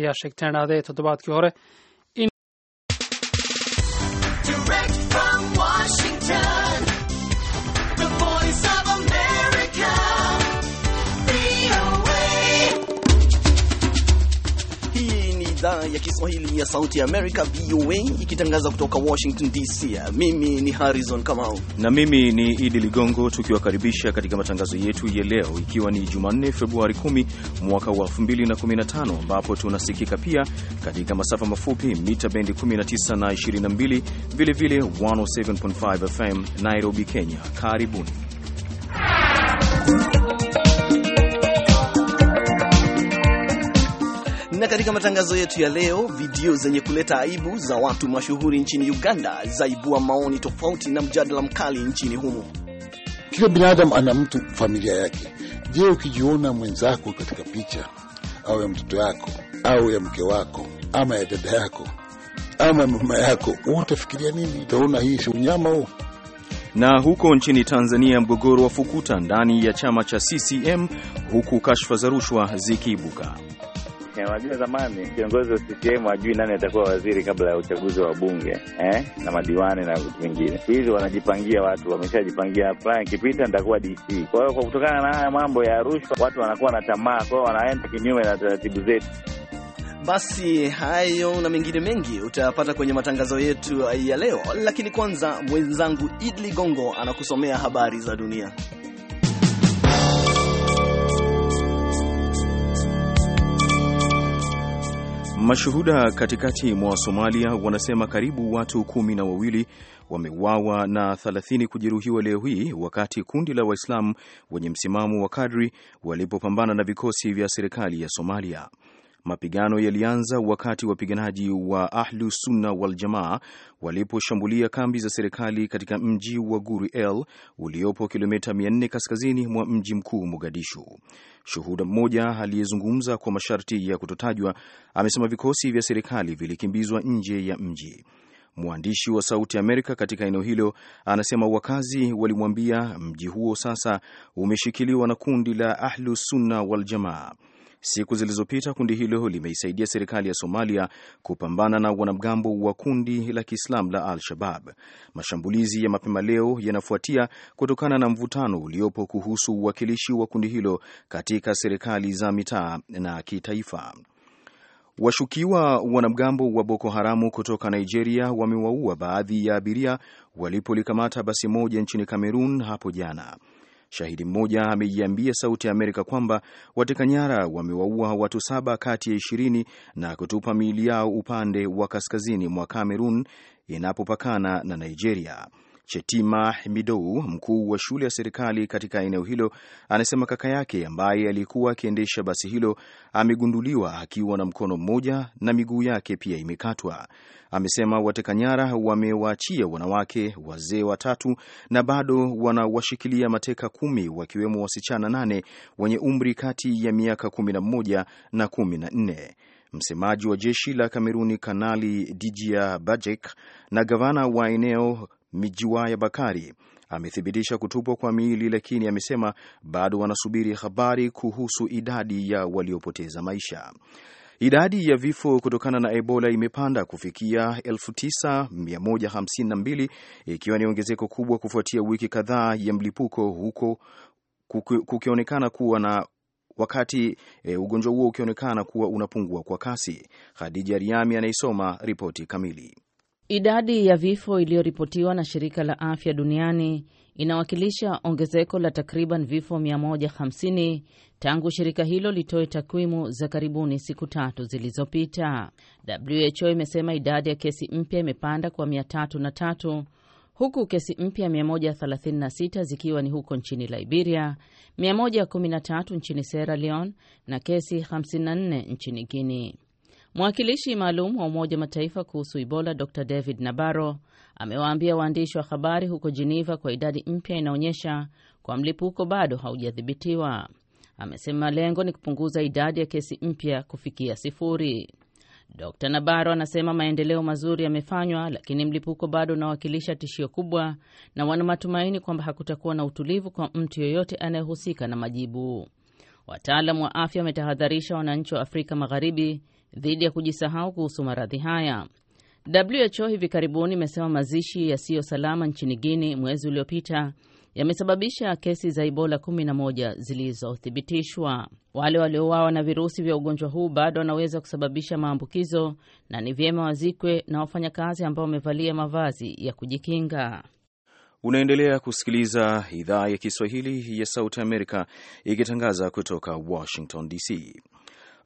ayaa sheegteen aaday toddobaadkii hore ya Kiswahili ya Sauti ya Amerika, VOA, ikitangaza kutoka Washington DC. Mimi ni Harrison Kamau na mimi ni Idi Ligongo, tukiwakaribisha katika matangazo yetu ya leo, ikiwa ni Jumanne Februari 10 mwaka wa 2015, ambapo tunasikika pia katika masafa mafupi mita bendi 19 na 22, vilevile 107.5 FM Nairobi, Kenya. Karibuni. Na katika matangazo yetu ya leo, video zenye kuleta aibu za watu mashuhuri nchini Uganda zaibua maoni tofauti na mjadala mkali nchini humo. Kila binadamu ana mtu familia yake. Je, ukijiona mwenzako katika picha au ya mtoto yako au ya mke wako ama ya dada yako ama mama yako, utafikiria nini? Utaona hii si unyama huu? Na huko nchini Tanzania, mgogoro wa fukuta ndani ya chama cha CCM, huku kashfa za rushwa zikiibuka. Unajua zamani kiongozi wa CCM ajui nani atakuwa waziri kabla ya uchaguzi wa bunge eh, na madiwani na vitu vingine. Hizi wanajipangia watu, wameshajipangia fulani kipita nitakuwa DC. Kwa hiyo kwa kutokana na haya mambo ya rushwa, watu wanakuwa na tamaa, kwa hiyo wanaenda kinyume na taratibu zetu. Basi hayo na mengine mengi utayapata kwenye matangazo yetu ya leo, lakini kwanza mwenzangu Idli Gongo anakusomea habari za dunia. Mashuhuda katikati mwa Somalia wanasema karibu watu kumi na wawili wameuawa na thelathini kujeruhiwa leo hii wakati kundi la Waislamu wenye msimamo wa kadri walipopambana na vikosi vya serikali ya Somalia. Mapigano yalianza wakati wapiganaji wa Ahlu Sunna wal Jamaa waliposhambulia kambi za serikali katika mji wa Guri El uliopo kilomita 400 kaskazini mwa mji mkuu Mogadishu. Shuhuda mmoja aliyezungumza kwa masharti ya kutotajwa amesema vikosi vya serikali vilikimbizwa nje ya mji. Mwandishi wa Sauti Amerika katika eneo hilo anasema wakazi walimwambia mji huo sasa umeshikiliwa na kundi la Ahlu Sunna wal Jamaa. Siku zilizopita kundi hilo limeisaidia serikali ya Somalia kupambana na wanamgambo wa kundi la Kiislamu la Al-Shabab. Mashambulizi ya mapema leo yanafuatia kutokana na mvutano uliopo kuhusu uwakilishi wa kundi hilo katika serikali za mitaa na kitaifa. Washukiwa wanamgambo wa Boko Haramu kutoka Nigeria wamewaua baadhi ya abiria walipolikamata basi moja nchini Kamerun hapo jana. Shahidi mmoja ameiambia Sauti ya Amerika kwamba wateka nyara wamewaua watu saba kati ya ishirini na kutupa miili yao upande wa kaskazini mwa Kamerun inapopakana na Nigeria. Chetima Midou, mkuu wa shule ya serikali katika eneo hilo, anasema kaka yake ambaye alikuwa akiendesha basi hilo amegunduliwa akiwa na mkono mmoja na miguu yake pia imekatwa. Amesema wateka nyara wamewaachia wanawake wazee watatu na bado wanawashikilia mateka kumi wakiwemo wasichana nane wenye umri kati ya miaka kumi na mmoja na kumi na nne. Msemaji wa jeshi la Kameruni Kanali Dijia Bajek na gavana wa eneo ya Bakari amethibitisha kutupwa kwa miili, lakini amesema bado wanasubiri habari kuhusu idadi ya waliopoteza maisha. Idadi ya vifo kutokana na Ebola imepanda kufikia 9152 ikiwa ni ongezeko kubwa kufuatia wiki kadhaa ya mlipuko huko kukionekana kuwa na wakati e, ugonjwa huo ukionekana kuwa unapungua kwa kasi. Khadija Riami anaisoma ripoti kamili. Idadi ya vifo iliyoripotiwa na shirika la afya duniani inawakilisha ongezeko la takriban vifo 150 tangu shirika hilo litoe takwimu za karibuni siku tatu zilizopita. WHO imesema idadi ya kesi mpya imepanda kwa 303 huku kesi mpya 136 zikiwa ni huko nchini Liberia, 113 nchini Sierra Leone na kesi 54 nchini Guinea. Mwakilishi maalum wa Umoja Mataifa kuhusu Ebola Dr David Nabaro amewaambia waandishi wa habari huko Geneva kwa idadi mpya inaonyesha kwa mlipuko bado haujadhibitiwa. Amesema lengo ni kupunguza idadi ya kesi mpya kufikia sifuri. Dr Nabaro anasema maendeleo mazuri yamefanywa, lakini mlipuko bado unawakilisha tishio kubwa, na wana matumaini kwamba hakutakuwa na utulivu kwa mtu yoyote anayehusika na majibu. Wataalamu wa afya wametahadharisha wananchi wa Afrika Magharibi dhidi ya kujisahau kuhusu maradhi haya. WHO hivi karibuni imesema mazishi yasiyo salama nchini Guinea mwezi uliopita yamesababisha kesi za Ebola 11 zilizothibitishwa. Wale waliouawa na virusi vya ugonjwa huu bado wanaweza kusababisha maambukizo na ni vyema wazikwe na wafanyakazi ambao wamevalia mavazi ya kujikinga. Unaendelea kusikiliza idhaa ya Kiswahili ya Sauti Amerika ikitangaza kutoka Washington DC.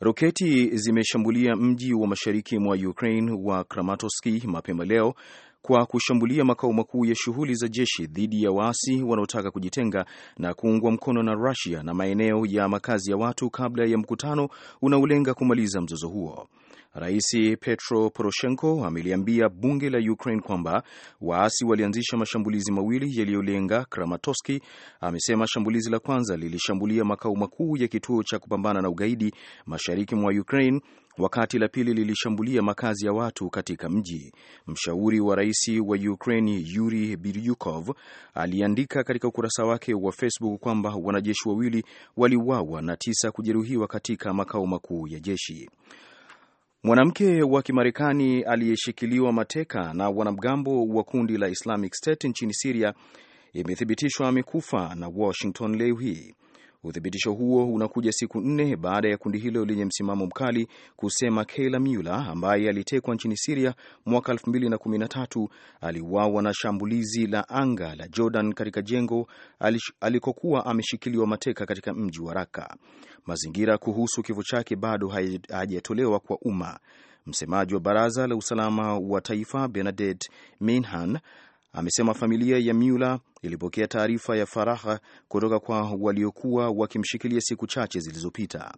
Roketi zimeshambulia mji wa mashariki mwa Ukraine wa Kramatorsk mapema leo kwa kushambulia makao makuu ya shughuli za jeshi dhidi ya waasi wanaotaka kujitenga na kuungwa mkono na Russia na maeneo ya makazi ya watu kabla ya mkutano unaolenga kumaliza mzozo huo. Rais Petro Poroshenko ameliambia bunge la Ukraine kwamba waasi walianzisha mashambulizi mawili yaliyolenga Kramatorsk. Amesema shambulizi la kwanza lilishambulia makao makuu ya kituo cha kupambana na ugaidi mashariki mwa Ukraine wakati la pili lilishambulia makazi ya watu katika mji. Mshauri wa rais wa Ukraine Yuri Biryukov aliandika katika ukurasa wake wa Facebook kwamba wanajeshi wawili waliuawa na tisa kujeruhiwa katika makao makuu ya jeshi. Mwanamke wa Kimarekani aliyeshikiliwa mateka na wanamgambo wa kundi la Islamic State nchini Siria imethibitishwa amekufa na Washington leo hii. Uthibitisho huo unakuja siku nne baada ya kundi hilo lenye msimamo mkali kusema Kayla Mueller ambaye alitekwa nchini Siria mwaka 2013 aliuawa na shambulizi la anga la Jordan katika jengo alikokuwa ameshikiliwa mateka katika mji wa Raka. Mazingira kuhusu kifo chake bado hajatolewa kwa umma. Msemaji wa baraza la usalama wa taifa Bernadette Minhan Amesema familia ya myula ilipokea taarifa ya faragha kutoka kwa waliokuwa wakimshikilia siku chache zilizopita.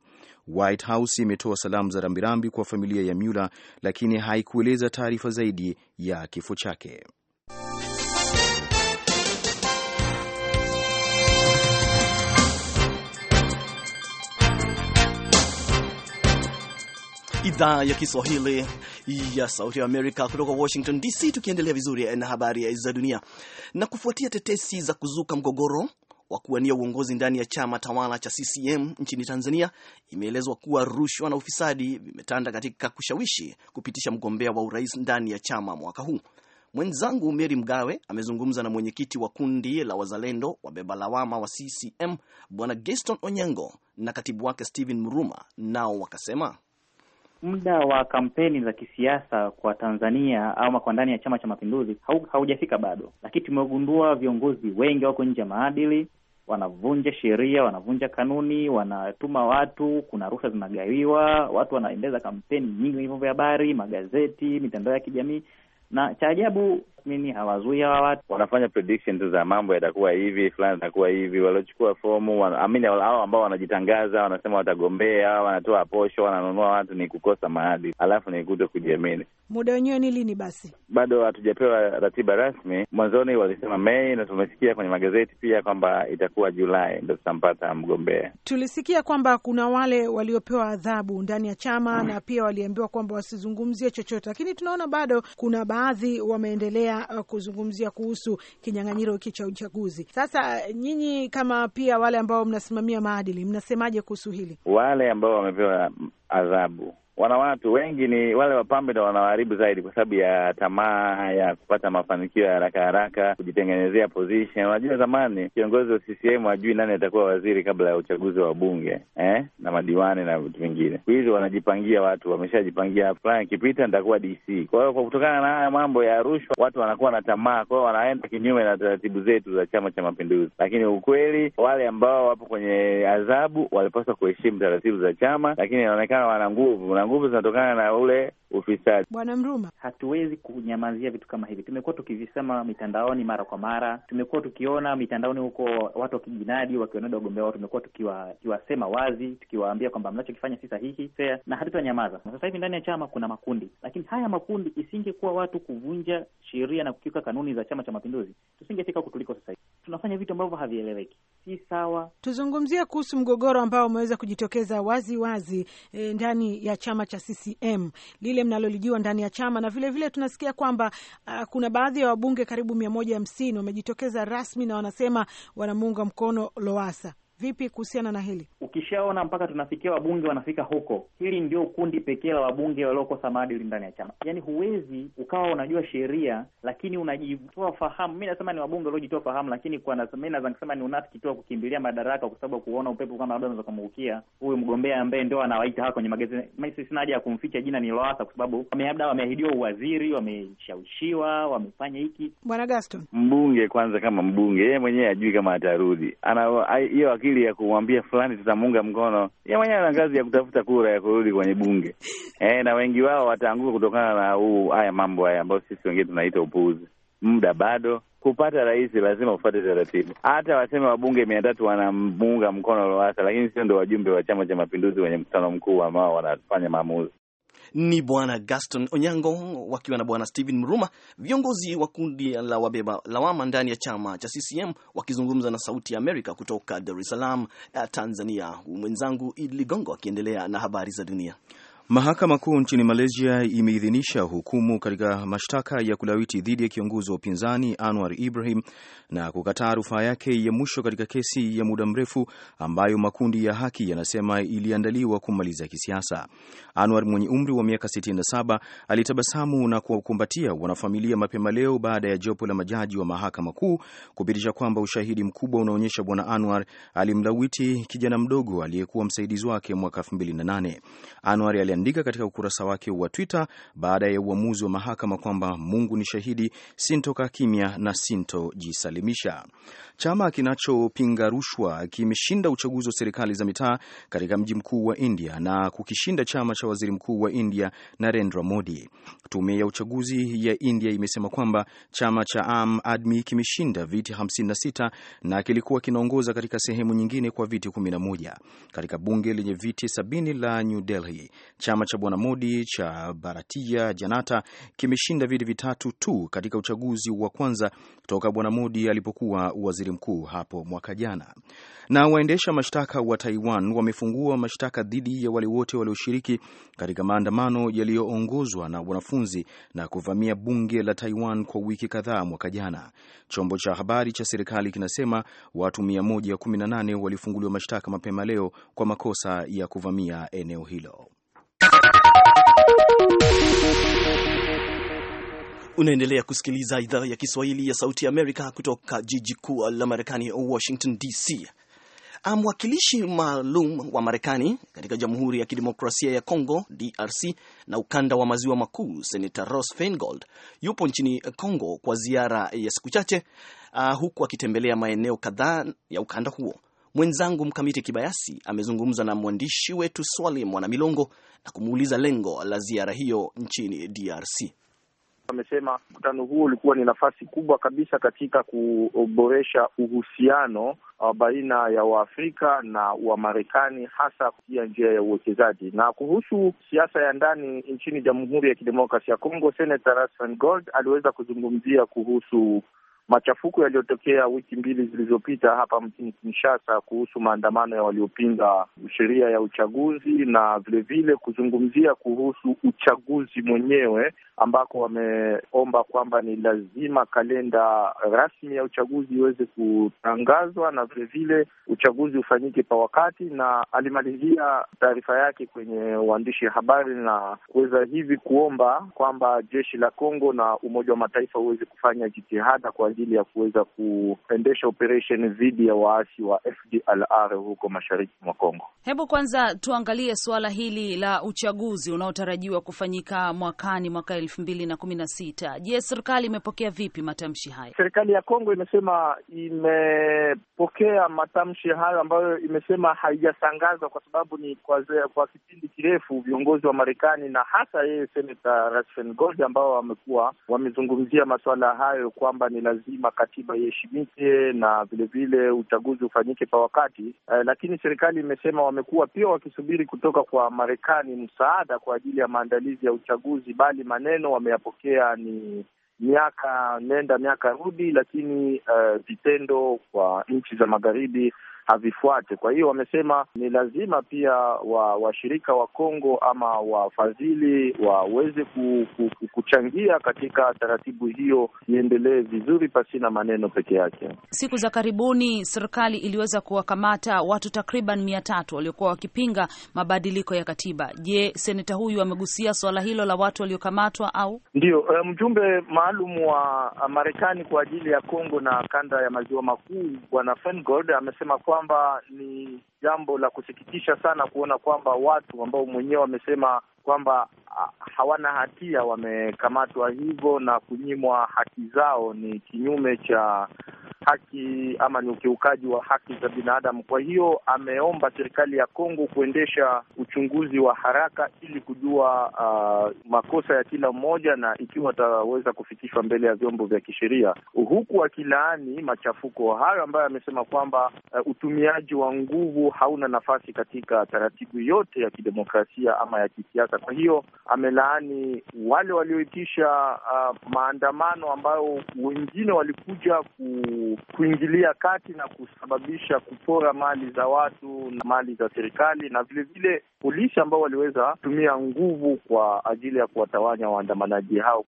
White House imetoa salamu za rambirambi kwa familia ya myula lakini haikueleza taarifa zaidi ya kifo chake. Idhaa ya Kiswahili ya Sauti ya Amerika kutoka Washington DC, tukiendelea vizuri eh, na habari eh, za dunia. Na kufuatia tetesi za kuzuka mgogoro wa kuwania uongozi ndani ya chama tawala cha CCM nchini Tanzania, imeelezwa kuwa rushwa na ufisadi vimetanda katika kushawishi kupitisha mgombea wa urais ndani ya chama mwaka huu. Mwenzangu Meri Mgawe amezungumza na mwenyekiti wa kundi la wazalendo wabeba lawama wa CCM Bwana Gaston Onyango na katibu wake Stephen Mruma, nao wakasema muda wa kampeni za kisiasa kwa Tanzania ama kwa ndani ya Chama cha Mapinduzi haujafika bado, lakini tumegundua viongozi wengi wako nje ya maadili, wanavunja sheria, wanavunja kanuni, wanatuma watu, kuna rushwa zinagawiwa, watu wanaendeza kampeni nyingi kwenye vyombo vya habari, magazeti, mitandao ya kijamii, na cha ajabu tathmini, hawazui hawa watu, wanafanya prediction tu za mambo yatakuwa hivi fulani, atakuwa hivi. Waliochukua fomu amini, hao ambao wanajitangaza wanasema watagombea, wanatoa posho, wananunua watu, ni kukosa maadili, alafu ni kuto kujiamini. Muda wenyewe ni lini? Basi bado hatujapewa ratiba rasmi. Mwanzoni walisema Mei na tumesikia kwenye magazeti pia kwamba itakuwa Julai ndo tutampata mgombea. Tulisikia kwamba kuna wale waliopewa adhabu ndani ya chama mm, na pia waliambiwa kwamba wasizungumzie chochote, lakini tunaona bado kuna baadhi wameendelea tunaendelea uh, kuzungumzia kuhusu kinyang'anyiro hiki cha uchaguzi. Sasa nyinyi kama pia wale ambao mnasimamia maadili, mnasemaje kuhusu hili? Wale ambao wamepewa adhabu wana watu wengi ni wale wapambe ndo wanawaharibu zaidi, kwa sababu ya tamaa ya kupata mafanikio ya haraka haraka, kujitengenezea position. Unajua, zamani kiongozi wa CCM hajui nani atakuwa waziri kabla ya uchaguzi wa bunge eh, na madiwani na vitu vingine. Siku hizi wanajipangia watu, wameshajipangia fulani kipita nitakuwa DC. Kwa hiyo kwa kutokana na haya mambo ya rushwa, watu wanakuwa na tamaa, kwa hiyo wanaenda kinyume na taratibu zetu za Chama cha Mapinduzi. Lakini ukweli wale ambao wapo kwenye adhabu walipaswa kuheshimu taratibu za chama, lakini inaonekana wana nguvu na nguvu zinatokana na ule ufisadi. Bwana Mruma, hatuwezi kunyamazia vitu kama hivi. Tumekuwa tukivisema mitandaoni mara kwa mara, tumekuwa tukiona mitandaoni huko watu wakijinadi wakionada wagombea wao, tumekuwa tukiwasema wazi, tukiwaambia kwamba mnachokifanya si sahihi fea, na hatutanyamaza. Sasa hivi ndani ya chama kuna makundi, lakini haya makundi isingekuwa watu kuvunja sheria na kukiuka kanuni za Chama cha Mapinduzi, tusingefika huku tuliko sasa hivi. Tunafanya vitu ambavyo havieleweki si sawa. Tuzungumzie kuhusu mgogoro ambao umeweza kujitokeza wazi wazi e, ndani ya chama cha CCM lile mnalolijua ndani ya chama, na vilevile vile tunasikia kwamba a, kuna baadhi ya wabunge karibu mia moja hamsini wamejitokeza rasmi na wanasema wanamuunga mkono Lowasa. Vipi kuhusiana na hili? Ukishaona mpaka tunafikia wabunge wanafika huko, hili ndio kundi pekee la wabunge waliokosa maadili ndani ya chama. Yaani huwezi ukawa unajua sheria lakini unajitoa fahamu. Mi nasema ni wabunge waliojitoa fahamu, lakini mi naweza nikasema ni unafiki tu wa kukimbilia madaraka kwa sababu kuona upepo kama labda unaweza kumuukia huyu mgombea ambaye ndio anawaita hawa kwenye magazeti. sina haja ya kumficha jina ni Loasa kwa sababu labda wameahidiwa uwaziri, wameshawishiwa, wamefanya hiki. Bwana Gaston, mbunge kwanza, kama mbunge yeye mwenyewe ajui kama atarudi, ana hiyo akili akili ya kumwambia fulani tutamuunga mkono, ya mwenyewe na ngazi ya kutafuta kura ya kurudi kwenye bunge e, na wengi wao wataanguka kutokana na huu haya mambo haya ambayo sisi wengine tunaita upuuzi. Muda bado kupata rais lazima ufate taratibu. Hata waseme wabunge mia tatu wanamuunga mkono Lowassa, lakini sio ndo wajumbe wa Chama cha Mapinduzi wenye mkutano mkuu ambao wanafanya maamuzi ni Bwana Gaston Onyango wakiwa na Bwana Stephen Mruma, viongozi wa kundi la wabeba lawama ndani ya chama cha CCM wakizungumza na Sauti ya Amerika kutoka Dar es Salaam, eh, Tanzania. Mwenzangu Idi Ligongo akiendelea na habari za dunia. Mahakama Kuu nchini Malaysia imeidhinisha hukumu katika mashtaka ya kulawiti dhidi ya kiongozi wa upinzani Anwar Ibrahim na kukataa rufaa yake ya mwisho katika kesi ya muda mrefu ambayo makundi ya haki yanasema iliandaliwa kumaliza kisiasa. Anwar mwenye umri wa miaka 67 alitabasamu na kuwakumbatia wanafamilia mapema leo baada ya jopo la majaji wa Mahakama Kuu kupitisha kwamba ushahidi mkubwa unaonyesha Bwana Anwar alimlawiti kijana mdogo aliyekuwa msaidizi wake mwaka 2008. Anwar aliandika katika ukurasa wake wa Twitter baada ya uamuzi wa mahakama kwamba Mungu ni shahidi, sintoka kimya na sintojisalimisha. Chama kinachopinga rushwa kimeshinda uchaguzi wa serikali za mitaa katika mji mkuu wa India na kukishinda chama cha waziri mkuu wa India Narendra Modi. Tume ya uchaguzi ya India imesema kwamba chama cha Aam Admi kimeshinda viti 56 na kilikuwa kinaongoza katika sehemu nyingine kwa viti 11 katika bunge lenye viti 70 la New Delhi. Chama cha bwana Modi cha Bharatiya Janata kimeshinda viti vitatu tu katika uchaguzi wa kwanza toka bwana Modi alipokuwa waziri mkuu hapo mwaka jana. Na waendesha mashtaka wa Taiwan wamefungua mashtaka dhidi ya wale wote walioshiriki katika maandamano yaliyoongozwa na wanafunzi na kuvamia bunge la Taiwan kwa wiki kadhaa mwaka jana. Chombo cha habari cha serikali kinasema watu 118 walifunguliwa mashtaka mapema leo kwa makosa ya kuvamia eneo hilo. Unaendelea kusikiliza idhaa ya Kiswahili ya Sauti ya Amerika kutoka jiji kuu la Marekani, Washington DC. Ah, mwakilishi maalum wa Marekani katika Jamhuri ya Kidemokrasia ya congo DRC, na ukanda wa maziwa makuu, Senata Ross Feingold yupo nchini congo kwa ziara ya siku chache, uh, huku akitembelea maeneo kadhaa ya ukanda huo. Mwenzangu Mkamiti Kibayasi amezungumza na mwandishi wetu Swali Mwanamilongo na kumuuliza lengo la ziara hiyo nchini DRC. Amesema mkutano huo ulikuwa ni nafasi kubwa kabisa katika kuboresha uhusiano uh, baina ya Waafrika na Wamarekani, hasa kupitia njia ya uwekezaji. Na kuhusu siasa ya ndani nchini Jamhuri ya kidemokrasi ya Kongo, Senata Rasman Gold aliweza kuzungumzia kuhusu machafuko yaliyotokea wiki mbili zilizopita hapa mjini Kinshasa kuhusu maandamano ya waliopinga sheria ya uchaguzi na vilevile vile kuzungumzia kuhusu uchaguzi mwenyewe, ambako wameomba kwamba ni lazima kalenda rasmi ya uchaguzi iweze kutangazwa na vilevile vile uchaguzi ufanyike kwa wakati. Na alimalizia taarifa yake kwenye uandishi habari na kuweza hivi kuomba kwamba jeshi la Kongo na Umoja wa Mataifa uweze kufanya jitihada kwa ajili ya kuweza kuendesha operesheni dhidi ya waasi wa FDLR huko mashariki mwa Kongo. Hebu kwanza tuangalie suala hili la uchaguzi unaotarajiwa kufanyika mwakani, mwaka elfu mbili na kumi na sita. Je, serikali imepokea vipi matamshi haya? Serikali ya Kongo imesema imepokea matamshi hayo ambayo imesema haijasangazwa kwa sababu ni kwa, kwa kipindi kirefu viongozi wa Marekani na hasa yeye Gold ambao wamekuwa wamezungumzia masuala hayo kwamba ni lazima lazima katiba iheshimike na vilevile uchaguzi ufanyike kwa wakati eh, lakini serikali imesema wamekuwa pia wakisubiri kutoka kwa Marekani msaada kwa ajili ya maandalizi ya uchaguzi, bali maneno wameyapokea ni miaka nenda miaka rudi, lakini eh, vitendo uh, kwa nchi za magharibi havifuate. Kwa hiyo wamesema ni lazima pia washirika wa, wa Kongo ama wafadhili waweze ku, ku, ku, kuchangia katika taratibu hiyo iendelee vizuri pasina maneno peke yake. Siku za karibuni serikali iliweza kuwakamata watu takriban mia tatu waliokuwa wakipinga mabadiliko ya katiba. Je, seneta huyu amegusia suala hilo la watu waliokamatwa au ndio? Eh, mjumbe maalum wa Marekani kwa ajili ya Kongo na kanda ya maziwa makuu bwana Feingold amesema kwa kwamba ni jambo la kusikitisha sana kuona kwamba watu ambao mwenyewe wamesema kwamba ah, hawana hatia wamekamatwa hivyo na kunyimwa haki zao. Ni kinyume cha haki ama ni ukiukaji wa haki za binadamu. Kwa hiyo ameomba serikali ya Kongo kuendesha uchunguzi wa haraka ili kujua uh, makosa ya kila mmoja na ikiwa ataweza kufikishwa mbele ya vyombo vya kisheria, huku akilaani machafuko hayo ambayo amesema kwamba uh, utumiaji wa nguvu hauna nafasi katika taratibu yote ya kidemokrasia ama ya kisiasa. Kwa hiyo amelaani wale walioitisha uh, maandamano ambayo wengine walikuja ku kuingilia kati na kusababisha kupora mali za watu na mali za serikali, na vilevile polisi ambao waliweza kutumia nguvu kwa ajili ya kuwatawanya waandamanaji hao.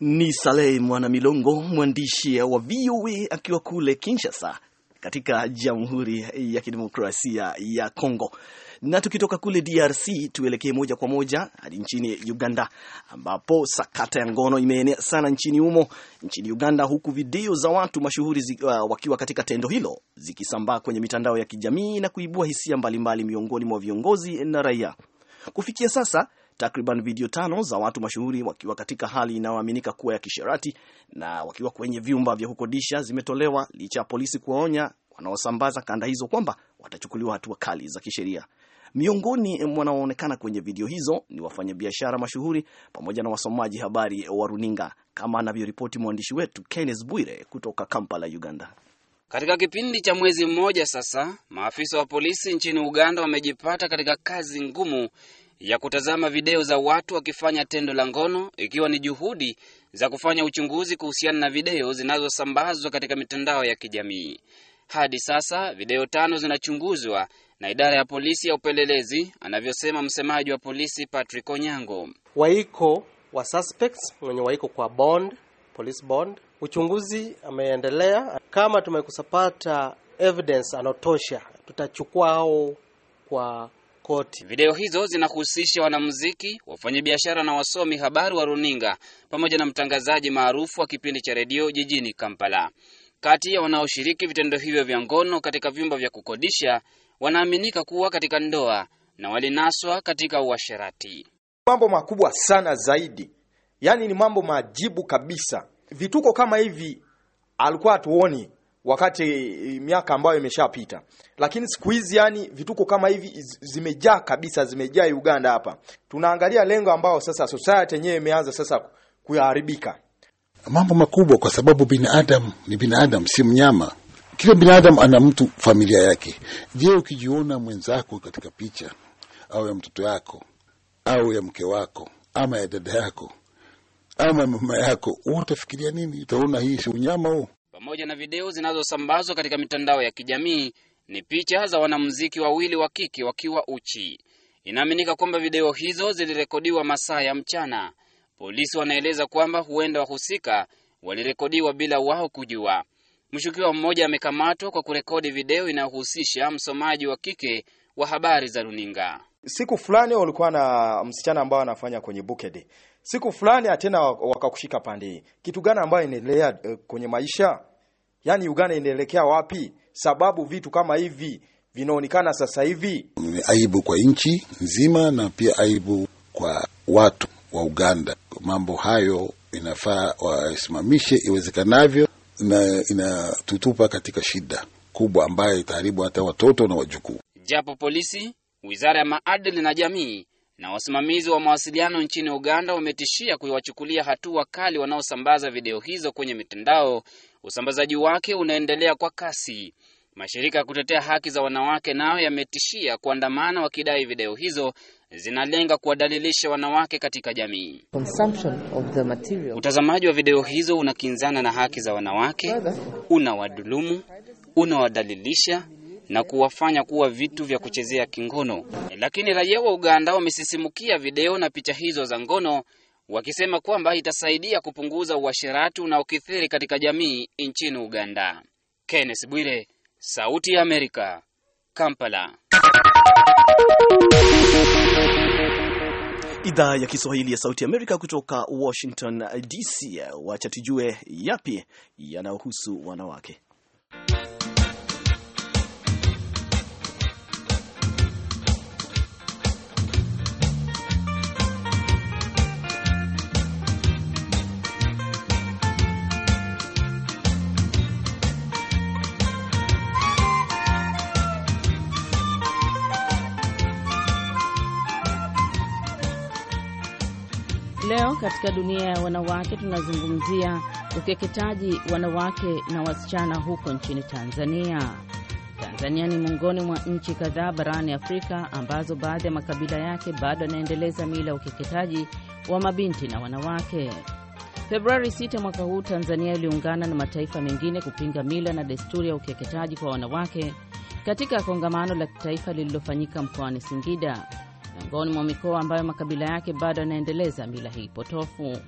Ni Saleh Mwanamilongo, mwandishi wa VOA akiwa kule Kinshasa, katika Jamhuri ya Kidemokrasia ya Kongo. Na tukitoka kule DRC tuelekee moja kwa moja hadi nchini Uganda, ambapo sakata ya ngono imeenea sana nchini humo, nchini Uganda, huku video za watu mashuhuri zi, uh, wakiwa katika tendo hilo zikisambaa kwenye mitandao ya kijamii na kuibua hisia mbalimbali miongoni mwa viongozi na raia. Kufikia sasa Takriban video tano za watu mashuhuri wakiwa katika hali inayoaminika kuwa ya kisherati na wakiwa kwenye vyumba vya kukodisha zimetolewa licha ya polisi kuwaonya wanaosambaza kanda hizo kwamba watachukuliwa hatua kali za kisheria. Miongoni wanaoonekana kwenye video hizo ni wafanyabiashara mashuhuri pamoja na wasomaji habari wa runinga, kama anavyoripoti mwandishi wetu Kenneth Bwire kutoka Kampala, Uganda. Katika kipindi cha mwezi mmoja sasa, maafisa wa polisi nchini Uganda wamejipata katika kazi ngumu ya kutazama video za watu wakifanya tendo la ngono ikiwa ni juhudi za kufanya uchunguzi kuhusiana na video zinazosambazwa katika mitandao ya kijamii. Hadi sasa video tano zinachunguzwa na idara ya polisi ya upelelezi, anavyosema msemaji wa polisi Patrick Onyango. Waiko wa suspects wenye waiko kwa bond, police bond, uchunguzi ameendelea. Kama tumekusapata evidence anotosha, tutachukua hao kwa koti. Video hizo zinahusisha wanamuziki, wafanyabiashara na wasomi habari wa runinga pamoja na mtangazaji maarufu wa kipindi cha redio jijini Kampala. Kati ya wanaoshiriki vitendo hivyo vya ngono katika vyumba vya kukodisha wanaaminika kuwa katika ndoa na walinaswa katika uasherati. Mambo makubwa sana zaidi, yaani ni mambo majibu kabisa. Vituko kama hivi alikuwa hatuoni wakati e, miaka ambayo imeshapita, lakini siku hizi yani vituko kama hivi zimejaa kabisa, zimejaa Uganda hapa. Tunaangalia lengo ambao sasa society yenyewe imeanza sasa kuyaharibika, mambo makubwa, kwa sababu binadamu ni binadamu, si mnyama. Kila binadamu ana mtu, familia yake. Je, ukijiona mwenzako katika picha au ya mtoto yako au ya mke wako ama ya dada yako ama ya mama yako, utafikiria nini? Utaona hii si unyama huu? Pamoja na video zinazosambazwa katika mitandao ya kijamii ni picha za wanamuziki wawili wa kike wakiwa uchi. Inaaminika kwamba video hizo zilirekodiwa masaa ya mchana. Polisi wanaeleza kwamba huenda wahusika walirekodiwa bila wao kujua. Mshukiwa mmoja amekamatwa kwa kurekodi video inayohusisha msomaji wa kike wa habari za runinga. Siku fulani walikuwa na msichana ambao anafanya kwenye Bukedi, siku fulani tena wakakushika pande hii. Kitu gani ambayo inaendelea eh, kwenye maisha yani Uganda inaelekea wapi? Sababu vitu kama hivi vinaonekana sasa hivi ni aibu kwa nchi nzima, na pia aibu kwa watu wa Uganda. Mambo hayo inafaa wasimamishe iwezekanavyo, na inatutupa katika shida kubwa ambayo itaharibu hata watoto na wajukuu. Japo polisi, wizara ya maadili na jamii na wasimamizi wa mawasiliano nchini Uganda wametishia kuwachukulia hatua kali wanaosambaza video hizo kwenye mitandao, usambazaji wake unaendelea kwa kasi. Mashirika ya kutetea haki za wanawake nayo yametishia kuandamana wakidai video hizo zinalenga kuwadalilisha wanawake katika jamii. Utazamaji wa video hizo unakinzana na haki za wanawake, unawadhulumu, unawadalilisha na kuwafanya kuwa vitu vya kuchezea kingono. Lakini raia wa Uganda wamesisimukia video na picha hizo za ngono wakisema kwamba itasaidia kupunguza uasherati unaokithiri katika jamii nchini Uganda. Kenneth Bwire, Sauti ya Amerika, Kampala. Idhaa ya Kiswahili ya Sauti Amerika kutoka Washington DC. Wacha tujue yapi yanayohusu wanawake. Leo katika dunia ya wanawake tunazungumzia ukeketaji wanawake na wasichana huko nchini Tanzania. Tanzania ni miongoni mwa nchi kadhaa barani Afrika ambazo baadhi ya makabila yake bado yanaendeleza mila ya ukeketaji wa mabinti na wanawake. Februari 6 mwaka huu Tanzania iliungana na mataifa mengine kupinga mila na desturi ya ukeketaji kwa wanawake katika kongamano la kitaifa lililofanyika mkoani Singida miongoni mwa mikoa ambayo makabila yake bado yanaendeleza mila hii potofu.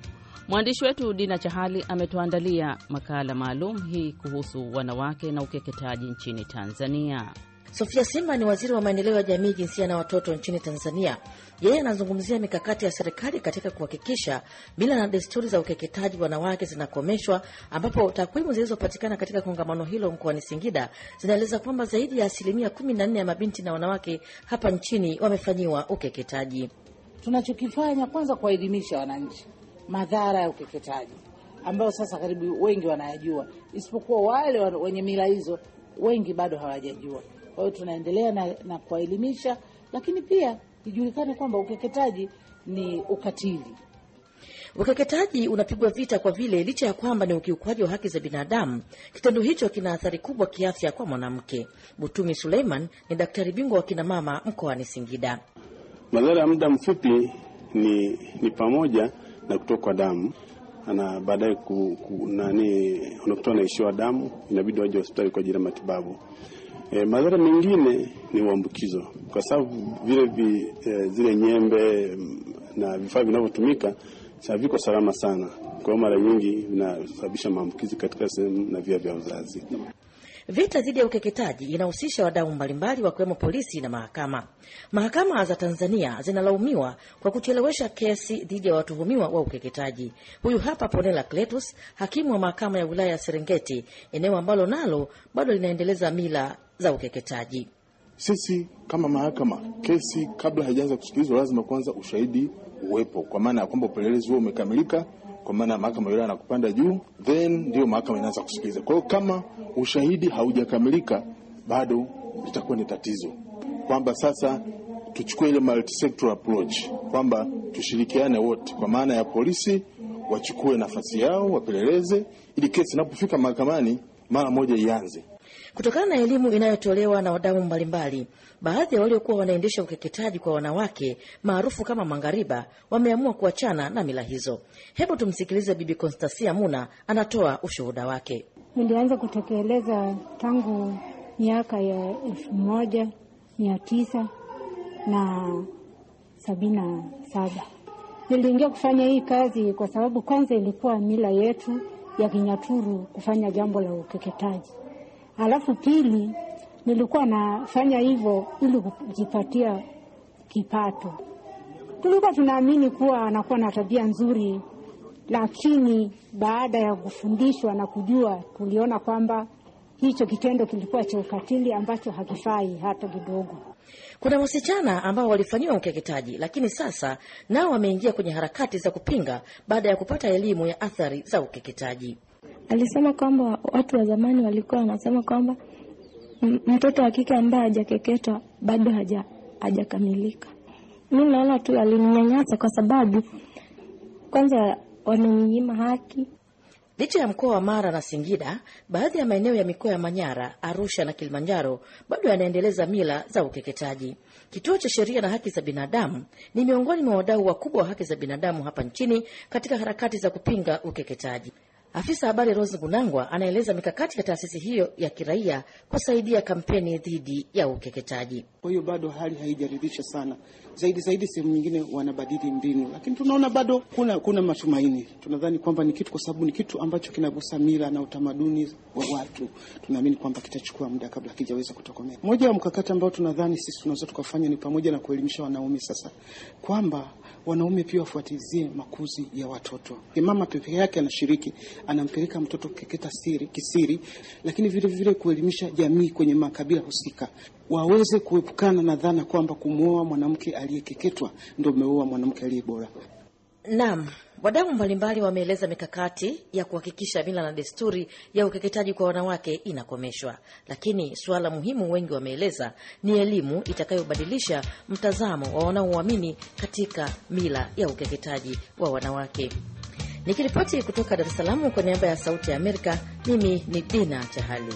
Mwandishi wetu Dina Chahali ametuandalia makala maalum hii kuhusu wanawake na ukeketaji nchini Tanzania. Sofia Simba ni waziri wa maendeleo ya jamii, jinsia na watoto nchini Tanzania. Yeye anazungumzia mikakati ya serikali katika kuhakikisha mila na desturi za ukeketaji wanawake zinakomeshwa, ambapo takwimu zilizopatikana katika kongamano hilo mkoani Singida zinaeleza kwamba zaidi ya asilimia kumi na nne ya mabinti na wanawake hapa nchini wamefanyiwa ukeketaji. Tunachokifanya kwanza, kuwaelimisha wananchi madhara ya ukeketaji ambayo sasa karibu wengi wanayajua, isipokuwa wale wenye mila hizo wengi bado hawajajua. Kwa hiyo tunaendelea na, na kuwaelimisha, lakini pia ijulikane kwamba ukeketaji ni ukatili. Ukeketaji unapigwa vita kwa vile licha ya kwamba ni ukiukwaji wa haki za binadamu, kitendo hicho kina athari kubwa kiafya kwa mwanamke. Butumi Suleiman ni daktari bingwa wa kinamama mkoani Singida. Madhara ya muda mfupi ni, ni pamoja na kutokwa damu na baadaye ku, ku, nani unakuta damu, inabidi waje hospitali kwa ajili ya matibabu. E, madhara mengine ni uambukizo kwa sababu vile vi, e, zile nyembe mm, na vifaa vinavyotumika haviko salama sana, kwa hiyo mara nyingi vinasababisha maambukizi katika sehemu na via vya uzazi. Vita dhidi ya ukeketaji inahusisha wadau mbalimbali wakiwemo polisi na mahakama. Mahakama za Tanzania zinalaumiwa kwa kuchelewesha kesi dhidi ya watuhumiwa wa ukeketaji. Huyu hapa Ponela Kletus, hakimu wa mahakama ya wilaya ya Serengeti, eneo ambalo nalo bado linaendeleza mila za ukeketaji. Sisi kama mahakama, kesi kabla haijaanza kusikilizwa, lazima kwanza ushahidi uwepo, kwa maana ya kwamba upelelezi huo umekamilika kwa maana mahakama ya mahakama na kupanda juu, then ndio mahakama inaanza kusikiliza. Kwa hiyo kama ushahidi haujakamilika bado litakuwa ni tatizo, kwamba sasa tuchukue ile multi-sector approach kwamba tushirikiane wote, kwa maana ya polisi wachukue nafasi yao, wapeleleze, ili kesi inapofika mahakamani mara moja ianze. Kutokana na elimu inayotolewa na wadau mbalimbali, baadhi ya waliokuwa wanaendesha ukeketaji kwa wanawake maarufu kama mangariba wameamua kuachana na mila hizo. Hebu tumsikilize Bibi Konstasia Muna anatoa ushuhuda wake. Nilianza kutekeleza tangu miaka ya elfu moja mia tisa na sabini na saba. Niliingia kufanya hii kazi kwa sababu kwanza ilikuwa mila yetu ya Kinyaturu kufanya jambo la ukeketaji Alafu pili, nilikuwa nafanya hivyo ili kujipatia kipato. Tulikuwa tunaamini kuwa anakuwa na tabia nzuri, lakini baada ya kufundishwa na kujua, tuliona kwamba hicho kitendo kilikuwa cha ukatili ambacho hakifai hata kidogo. Kuna wasichana ambao walifanyiwa ukeketaji, lakini sasa nao wameingia kwenye harakati za kupinga baada ya kupata elimu ya athari za ukeketaji. Alisema kwamba watu wa zamani walikuwa wanasema kwamba mtoto wa kike ambaye hajakeketwa bado haja hajakamilika. Mi naona tu alininyanyasa kwa sababu kwanza wamenyima haki. Licha ya mkoa wa Mara na Singida, baadhi ya maeneo ya mikoa ya Manyara, Arusha na Kilimanjaro bado yanaendeleza mila za ukeketaji. Kituo cha Sheria na Haki za Binadamu ni miongoni mwa wadau wakubwa wa haki za binadamu hapa nchini katika harakati za kupinga ukeketaji. Afisa habari Rose Gunangwa anaeleza mikakati ya taasisi hiyo ya kiraia kusaidia kampeni dhidi ya ukeketaji. Kwa hiyo bado hali haijaridhisha sana, zaidi zaidi sehemu nyingine wanabadili mbinu, lakini tunaona bado kuna kuna matumaini. Tunadhani kwamba ni kitu, kwa sababu ni kitu ambacho kinagusa mila na utamaduni wa watu. Tunaamini kwamba kitachukua muda kabla akijaweza kutokomea. Moja ya mkakati ambao tunadhani sisi tunaweza tukafanya ni pamoja na kuelimisha wanaume sasa kwamba wanaume pia wafuatizie makuzi ya watoto. Mama peke yake anashiriki, anampeleka mtoto keketa siri, kisiri, lakini vilevile kuelimisha jamii kwenye makabila husika waweze kuepukana na dhana kwamba kumwoa mwanamke aliyekeketwa ndio umeoa mwanamke aliye bora. Naam. Wadau mbalimbali wameeleza mikakati ya kuhakikisha mila na desturi ya ukeketaji kwa wanawake inakomeshwa, lakini suala muhimu wengi wameeleza ni elimu itakayobadilisha mtazamo wa wanaoamini katika mila ya ukeketaji wa wanawake. Nikiripoti kutoka Dar es Salaam kwa niaba ya Sauti ya Amerika, mimi ni Dina Chahali.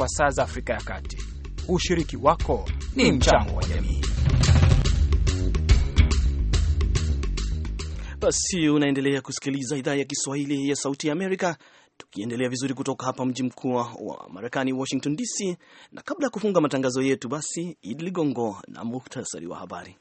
kwa saa za Afrika ya Kati. Ushiriki wako ni mchango wa jamii. Basi unaendelea kusikiliza idhaa ya Kiswahili ya Sauti ya Amerika, tukiendelea vizuri kutoka hapa mji mkuu wa Marekani, Washington DC. Na kabla ya kufunga matangazo yetu, basi Idi Ligongo na muhtasari wa habari.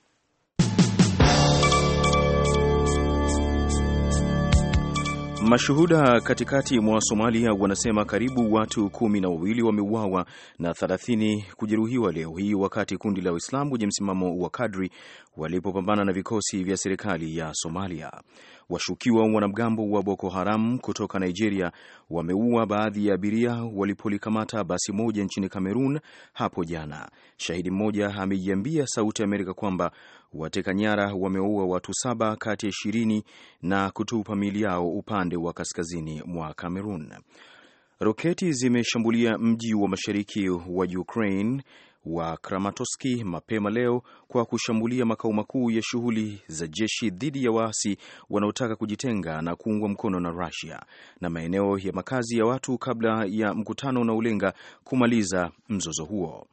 Mashuhuda katikati mwa Somalia wanasema karibu watu kumi na wawili wameuawa na thelathini kujeruhiwa leo hii wakati kundi la Waislamu wenye msimamo wa kadri walipopambana na vikosi vya serikali ya Somalia. Washukiwa wanamgambo wa Boko Haram kutoka Nigeria wameua baadhi ya abiria walipolikamata basi moja nchini Kamerun hapo jana. Shahidi mmoja ameiambia Sauti Amerika kwamba Wateka nyara wameua watu saba kati ya ishirini na kutupa mili yao upande wa kaskazini mwa Kamerun. Roketi zimeshambulia mji wa mashariki wa Ukraine wa Kramatorski mapema leo kwa kushambulia makao makuu ya shughuli za jeshi dhidi ya waasi wanaotaka kujitenga na kuungwa mkono na Russia na maeneo ya makazi ya watu kabla ya mkutano unaolenga kumaliza mzozo huo.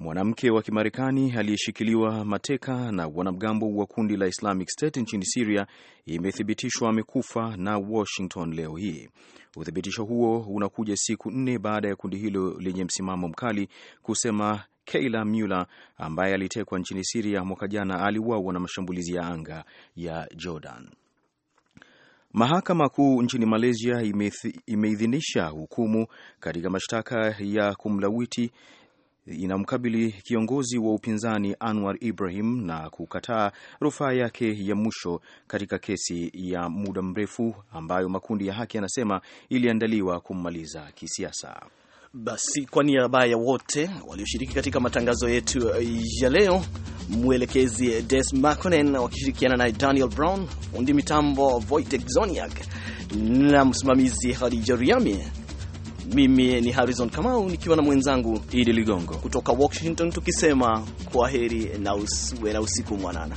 Mwanamke wa Kimarekani aliyeshikiliwa mateka na wanamgambo wa kundi la Islamic State nchini Siria imethibitishwa amekufa na Washington leo hii. Uthibitisho huo unakuja siku nne baada ya kundi hilo lenye msimamo mkali kusema Kayla Mueller ambaye alitekwa nchini siria mwaka jana aliuawa na mashambulizi ya anga ya Jordan. Mahakama Kuu nchini Malaysia imeidhinisha hukumu katika mashtaka ya kumlawiti inamkabili kiongozi wa upinzani Anwar Ibrahim na kukataa rufaa yake ya mwisho katika kesi ya muda mrefu ambayo makundi ya haki yanasema iliandaliwa kummaliza kisiasa. Basi, kwa niaba ya wote walioshiriki katika matangazo yetu ya leo, mwelekezi Des Maconen wakishirikiana naye Daniel Brown, fundi mitambo Voitech Zoniak na msimamizi Hadija Riami mimi ni Harrison Kamau nikiwa na mwenzangu Idi Ligongo kutoka Washington, tukisema kwa heri na usiku mwanana.